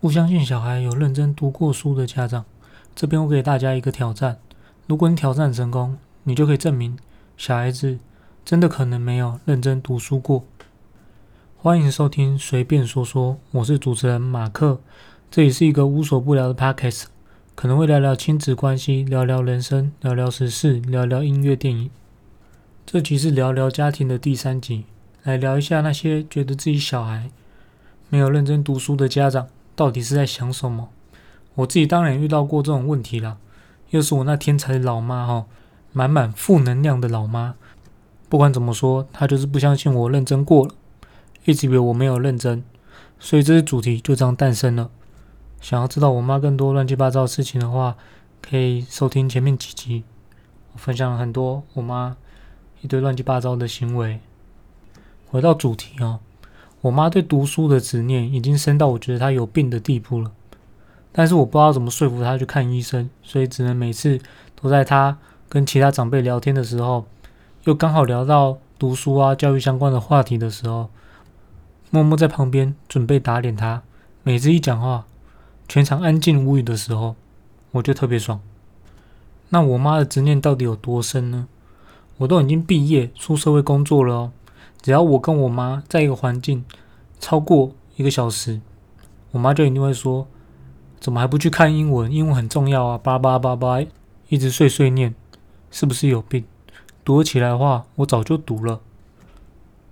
不相信小孩有認真讀過書的家長，這邊我給大家一個挑戰：如果你挑戰成功，你就可以證明小孩子真的可能沒有認真讀書過。歡迎收聽《隨便說說》，我是主持人馬克。這裡是一個無所不聊的 Podcast，可能會聊聊親子關係，聊聊人生，聊聊時事，聊聊音樂、電影。這集是聊聊家庭的第三集，來聊一下那些覺得自己小孩沒有認真讀書的家長。到底是在想什麼？我自己當然也遇到過這種問題啦。又是我那天才的老媽哈、哦，滿滿負能量的老媽。不管怎麼說，她就是不相信我認真過了，一直以為我沒有認真。所以，這些主題就這樣誕生了。想要知道我媽更多亂七八糟的事情的話，可以收聽前面幾集。我分享了很多我媽一堆亂七八糟的行為。回到主題哦。我媽對讀書的執念已經深到我覺得她有病的地步了，但是我不知道怎麼說服她去看醫生，所以只能每次都在她跟其他長輩聊天的時候，又剛好聊到讀書啊、教育相關的話題的時候，默默在旁邊準備打臉她。每次一講話，全場安靜無語的時候，我就特別爽。那我媽的執念到底有多深呢？我都已經畢業出社會工作了哦。只要我跟我媽在一個環境超過一個小時，我媽就一定會說：“怎麼還不去看英文？英文很重要啊！”叭叭叭叭，一直碎碎念，是不是有病？讀得起來的話，我早就讀了。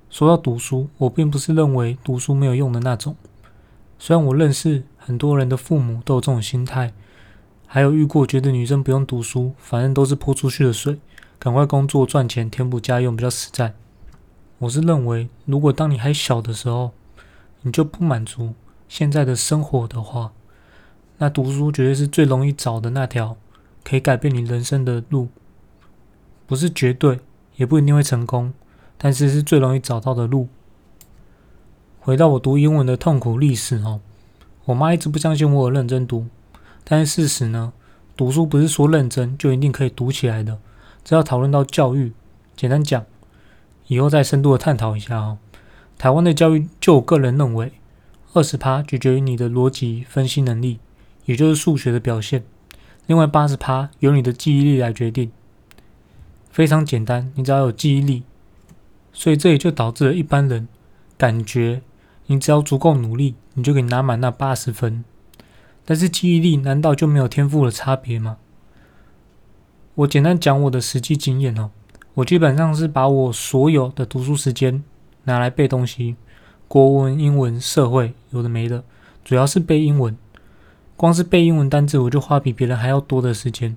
說到讀書，我並不是認為讀書沒有用的那種，雖然我認識很多人的父母都有這種心態，還有遇過覺得女生不用讀書，反正都是潑出去的水，趕快工作賺錢，填補家用比較實在。我是認為，如果當你還小的時候，你就不滿足現在的生活的話，那讀書絕對是最容易找的那條可以改變你人生的路。不是絕對，也不一定會成功，但是是最容易找到的路。回到我讀英文的痛苦歷史哦，我媽一直不相信我有認真讀，但是事實呢，讀書不是說認真就一定可以讀起來的。只要討論到教育，簡單講。以後再深度的探討一下哦。台灣的教育，就我個人認為20，二十趴取決於你的邏輯分析能力，也就是數學的表現；另外八十趴由你的記憶力來決定。非常簡單，你只要有記憶力，所以這也就導致了一般人感覺你只要足夠努力，你就可以拿滿那八十分。但是記憶力難道就沒有天賦的差別嗎？我簡單講我的實際經驗哦。我基本上是把我所有的讀書時間拿來背東西，國文、英文、社會，有的沒的，主要是背英文。光是背英文單字，我就花比別人還要多的時間。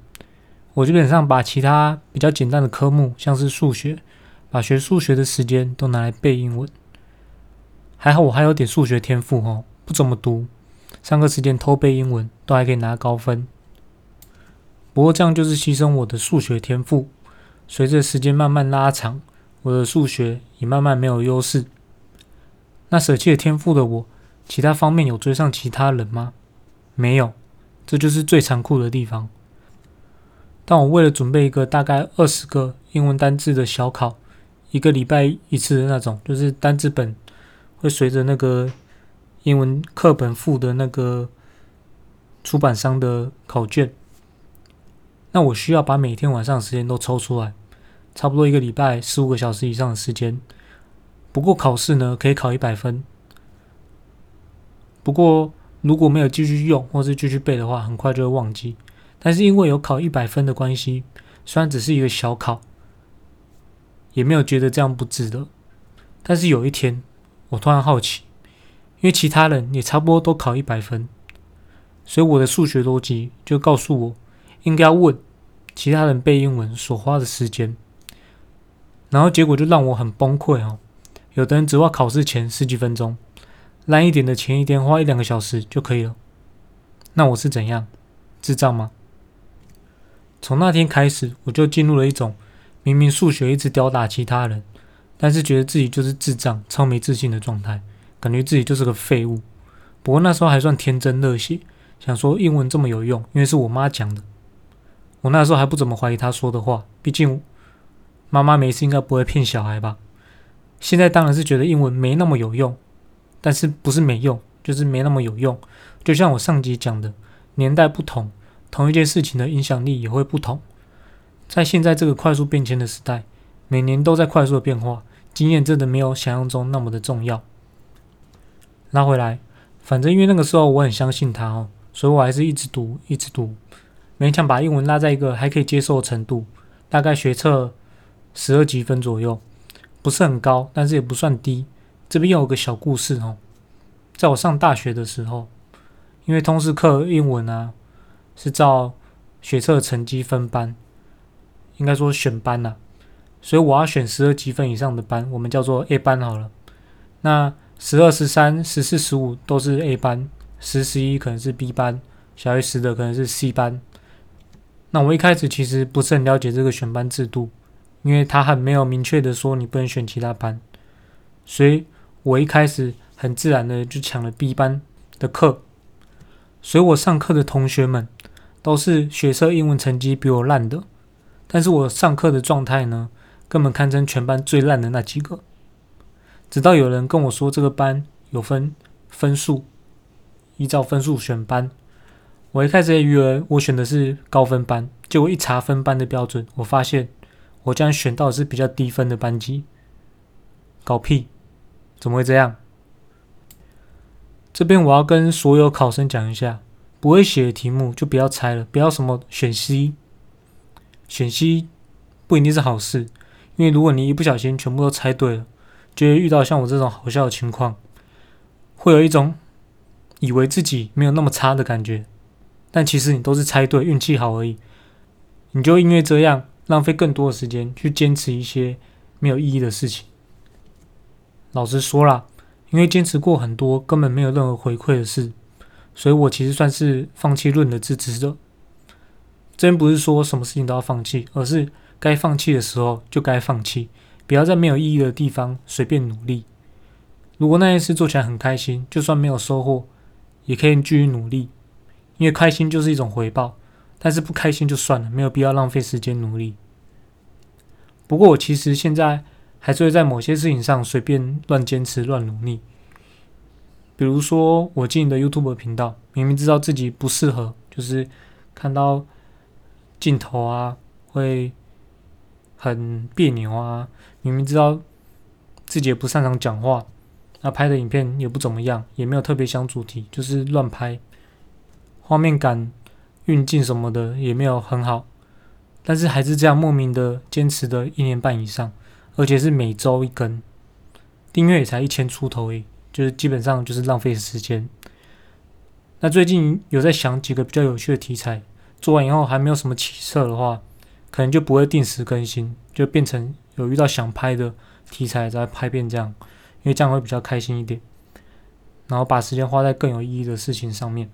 我基本上把其他比較簡單的科目，像是數學，把學數學的時間都拿來背英文。還好我還有點數學天賦哦，不怎麼讀，上課時間偷背英文都還可以拿高分。不過這樣就是犧牲我的數學天賦。隨着時間慢慢拉長，我的數學也慢慢沒有優勢。那捨棄了天賦的我，其他方面有追上其他人嗎？沒有，這就是最殘酷的地方。但我為了準備一個大概二十個英文單字的小考，一個禮拜一次的那種，就是單字本，會隨着那個英文課本附的那個出版商的考卷。那我需要把每天晚上的時間都抽出來。差不多一個禮拜，十五個小時以上的時間。不過考試呢，可以考一百分。不過如果沒有繼續用，或是繼續背的話，很快就會忘記。但是因為有考一百分的關係，雖然只是一個小考，也沒有覺得這樣不值得。但是有一天，我突然好奇，因為其他人也差不多都考一百分，所以我的數學邏輯就告訴我，應該要問其他人背英文所花的時間。然後結果就讓我很崩潰哈、哦，有的人只花考試前十幾分鐘，爛一點的前一天花一兩個小時就可以了。那我是怎樣？智障嗎？從那天開始，我就進入了一種明明數學一直吊打其他人，但是覺得自己就是智障、超沒自信的狀態，感覺自己就是個廢物。不過那時候還算天真熱血，想說英文這麼有用，因為是我媽講的。我那時候還不怎麼懷疑她說的話，畢竟。媽媽沒事，應該不會騙小孩吧？現在當然是覺得英文沒那麼有用，但是不是沒用，就是沒那麼有用。就像我上集講的，年代不同，同一件事情的影響力也會不同。在現在這個快速變遷的時代，每年都在快速的變化，經驗真的沒有想象中那麼的重要。拉回來，反正因為那個時候我很相信他哦，所以我還是一直讀，一直讀，勉強把英文拉在一個還可以接受的程度，大概學測。十二級分左右，不是很高，但是也不算低。這邊有個小故事哦，在我上大學的時候，因為通識課英文啊是照學測成績分班，應該說選班吶、啊，所以我要選十二級分以上的班，我們叫做 A 班好了。那十二、十三、十四、十五都是 A 班，十十一可能是 B 班，小於十的可能是 C 班。那我一開始其實不是很了解這個選班制度。因為他很沒有明確的說你不能選其他班，所以我一開始很自然的就搶了 B 班的課。所以我上課的同學們都是學生英文成績比我爛的，但是我上課的狀態呢，根本堪稱全班最爛的那幾個。直到有人跟我說這個班有分分數，依照分數選班。我一開始也以為我選的是高分班，結果一查分班的標準，我發現。我將選到的是比較低分的班級，搞屁？怎麼會這樣？這邊我要跟所有考生講一下，不會寫的題目就不要猜了，不要什麼選 C，選 C 不一定是好事，因為如果你一不小心全部都猜對了，就會遇到像我這種好笑的情況，會有一種以為自己沒有那麼差的感覺，但其實你都是猜對，運氣好而已，你就因為這樣。浪費更多的時間去堅持一些沒有意義的事情。老實說啦，因為堅持過很多根本沒有任何回饋的事，所以我其實算是放棄論的支持者。真不是說什麼事情都要放棄，而是該放棄的時候就該放棄，不要在沒有意義的地方隨便努力。如果那件事做起來很開心，就算沒有收穫，也可以繼續努力，因為開心就是一種回報。但是不開心就算了，沒有必要浪費時間努力。不過我其實現在還是會，在某些事情上隨便亂堅持、亂努力。比如說我進的 YouTube 頻道，明明知道自己不適合，就是看到鏡頭啊，會很彆扭啊。明明知道自己也不擅長講話，那、啊，拍的影片也不怎麼樣，也沒有特別想主題，就是亂拍，畫面感。運鏡什麼的也沒有很好，但是還是這樣莫名的堅持的一年半以上，而且是每周一更，訂閱也才一千出頭誒，就是基本上就是浪費時間。那最近有在想幾個比較有趣的題材，做完以後還沒有什麼起色的話，可能就不會定時更新，就變成有遇到想拍的題材再拍片這樣，因為這樣會比較開心一點，然後把時間花在更有意義的事情上面。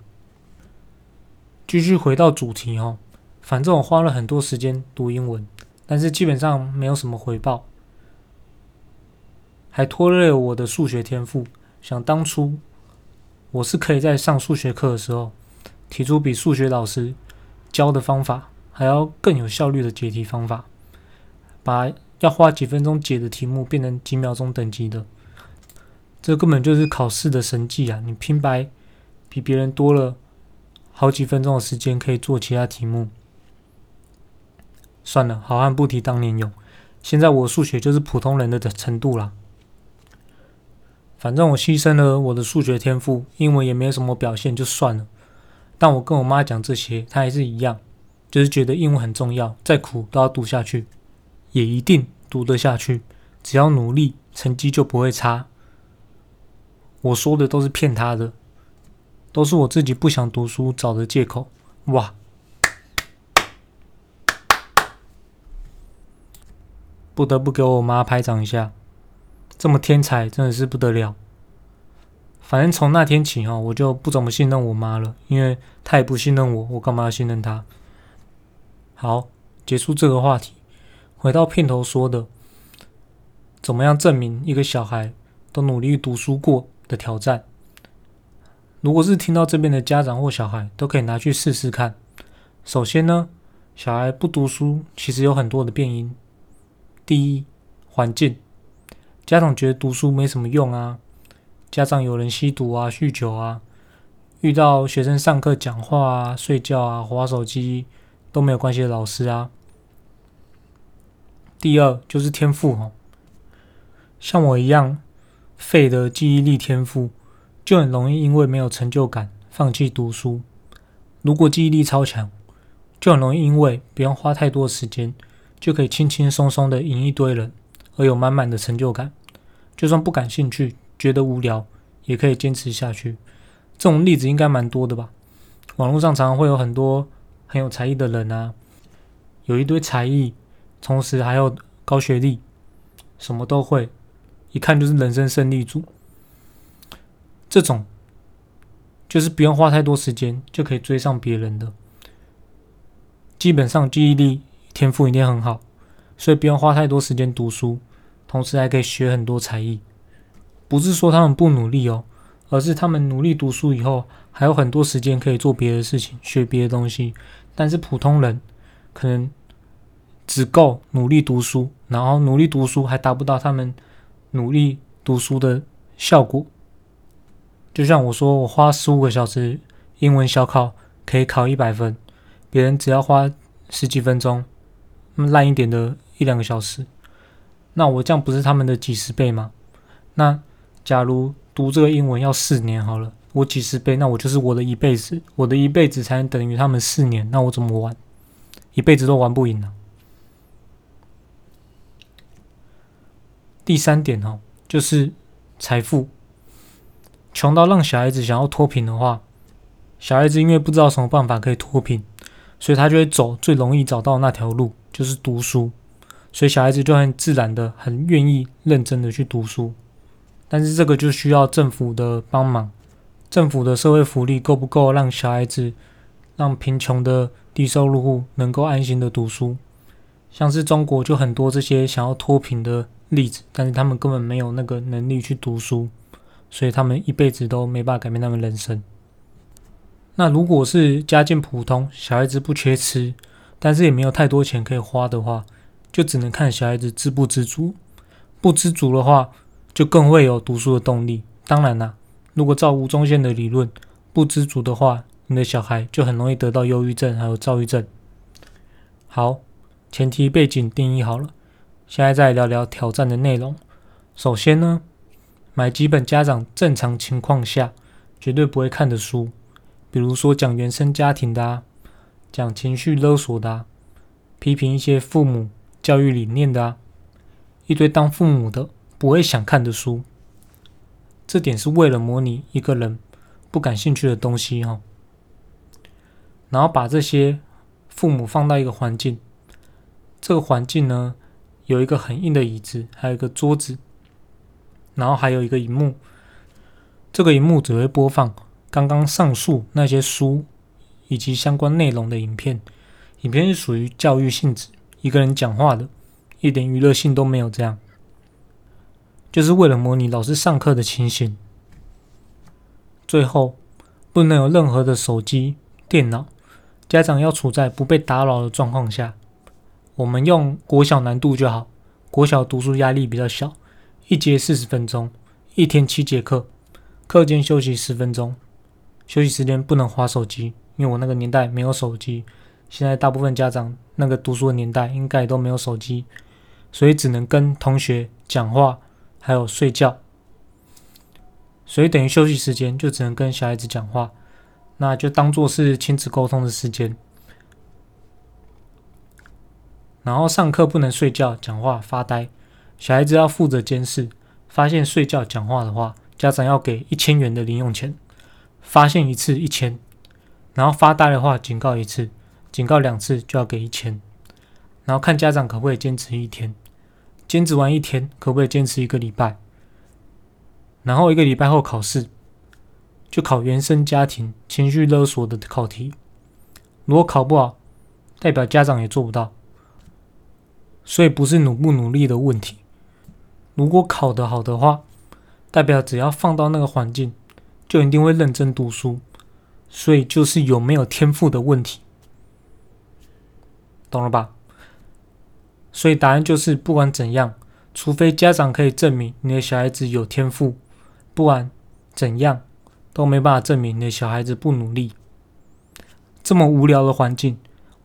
繼續回到主題哦，反正我花了很多時間讀英文，但是基本上沒有什麼回報，還拖累了我的數學天賦。想當初，我是可以在上數學課的時候，提出比數學老師教的方法還要更有效率的解題方法，把要花幾分鐘解的題目變成幾秒鐘等級的，這根本就是考試的神技啊！你平白比別人多了。好幾分鐘的時間可以做其他題目，算了，好漢不提當年勇。現在我數學就是普通人的的程度啦。反正我犧牲了我的數學天賦，英文也沒有什麼表現，就算了。但我跟我媽講這些，她還是一樣，就是覺得英文很重要，再苦都要讀下去，也一定讀得下去，只要努力，成績就不會差。我說的都是騙她的。都是我自己不想讀書找的借口。哇！不得不給我媽拍掌一下，這麼天才真的是不得了。反正從那天起哈，我就不怎麼信任我媽了，因為她也不信任我，我幹嘛要信任她？好，結束這個話題，回到片頭說的，怎麼樣證明一個小孩都努力讀書過的挑戰？如果是聽到這邊的家長或小孩，都可以拿去試試看。首先呢，小孩不讀書，其實有很多的變因。第一，環境，家長覺得讀書沒什麼用啊。家長有人吸毒啊、酗酒啊，遇到學生上課講話啊、睡覺啊、滑手機都沒有關係的老師啊。第二就是天賦吼，像我一樣廢的記憶力天賦。就很容易因為沒有成就感放棄讀書。如果記憶力超強，就很容易因為不用花太多時間，就可以輕輕鬆鬆的贏一堆人，而有滿滿的成就感。就算不感興趣，覺得無聊，也可以堅持下去。這種例子應該蠻多的吧？網絡上常常會有很多很有才藝的人啊，有一堆才藝，同時還有高學歷，什麼都會，一看就是人生勝利組。這種就是不用花太多時間就可以追上別人的，基本上記憶力天賦一定很好，所以不用花太多時間讀書，同時還可以學很多才藝。不是說他們不努力哦，而是他們努力讀書以後還有很多時間可以做別的事情，學別的東西。但是普通人可能只夠努力讀書，然後努力讀書還達不到他們努力讀書的效果。就像我說，我花十五個小時英文小考可以考一百分，別人只要花十幾分鐘，爛一點的一兩個小時，那我這樣不是他們的幾十倍嗎？那假如讀這個英文要四年好了，我幾十倍，那我就是我的一輩子，我的一輩子才能等於他們四年，那我怎麼玩？一輩子都玩不贏呢。第三點哦，就是財富。窮到讓小孩子想要脫貧的話，小孩子因為不知道什麼辦法可以脫貧，所以他就會走最容易找到那條路，就是讀書。所以小孩子就很自然的、很願意認真的去讀書。但是這個就需要政府的幫忙，政府的社會福利夠不夠讓小孩子、讓貧窮的低收入戶能夠安心的讀書？像是中國就很多這些想要脫貧的例子，但是他們根本沒有那個能力去讀書。所以他們一輩子都沒辦法改變他們人生。那如果是家境普通，小孩子不缺吃，但是也沒有太多錢可以花的話，就只能看小孩子知不知足。不知足的話，就更會有讀書的動力。當然啦、啊，如果照吳宗憲的理論，不知足的話，你的小孩就很容易得到憂鬱症還有躁鬱症。好，前提背景定義好了，現在再來聊聊挑戰的內容。首先呢，買幾本家長正常情況下絕對不會看的書，比如說講原生家庭的啊，講情緒勒索的啊，批評一些父母教育理念的啊，一堆當父母的不會想看的書。這點是為了模擬一個人不感興趣的東西哦。然後把這些父母放到一個環境，這個環境呢，有一個很硬的椅子，還有一個桌子。然後還有一個螢幕，這個螢幕只會播放剛剛上述那些書以及相關內容的影片，影片是屬於教育性質，一個人講話的，一點娛樂性都沒有，這樣就是為了模擬老師上課的情形。最後，不能有任何的手機、電腦，家長要處在不被打擾的狀況下。我們用國小難度就好，國小讀書壓力比較小。一節四十分鐘，一天七節課，課間休息十分鐘，休息時間不能滑手機，因為我那個年代沒有手機，現在大部分家長那個讀書的年代應該也都沒有手機，所以只能跟同學講話，還有睡覺，所以等於休息時間就只能跟小孩子講話，那就當做是親子溝通的時間，然後上課不能睡覺、講話、發呆。小孩子要負責監視，發現睡覺講話的話，家長要給一千元的零用錢；發現一次一千，然後發呆的話警告一次，警告兩次就要給一千，然後看家長可不可以堅持一天，堅持完一天可不可以堅持一個禮拜，然後一個禮拜後考試，就考原生家庭情緒勒索的考題，如果考不好，代表家長也做不到，所以不是努不努力的問題。如果考得好的話，代表只要放到那個環境，就一定會認真讀書。所以就是有沒有天賦的問題，懂了吧？所以答案就是，不管怎樣，除非家長可以證明你的小孩子有天賦，不然怎樣都沒辦法證明你的小孩子不努力。這麼無聊的環境，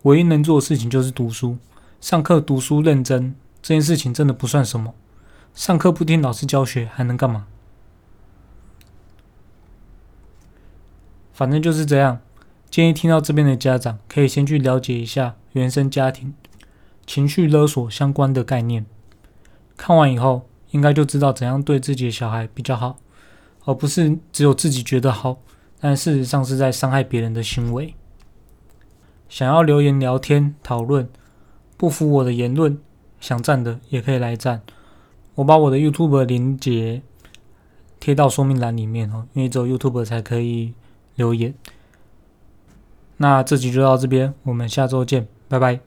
唯一能做的事情就是讀書，上課讀書認真，這件事情真的不算什麼。上課不聽老師教學還能幹嘛？反正就是這樣。建議聽到這邊的家長可以先去了解一下原生家庭、情緒勒索相關的概念。看完以後，應該就知道怎樣對自己的小孩比較好，而不是只有自己覺得好，但事實上是在傷害別人的行為。想要留言、聊天、討論，不服我的言論，想讚的也可以來讚。我把我的 YouTube 鏈接貼到說明欄裡面哦，因為只有 YouTube 才可以留言。那這集就到這邊，我們下周見，拜拜。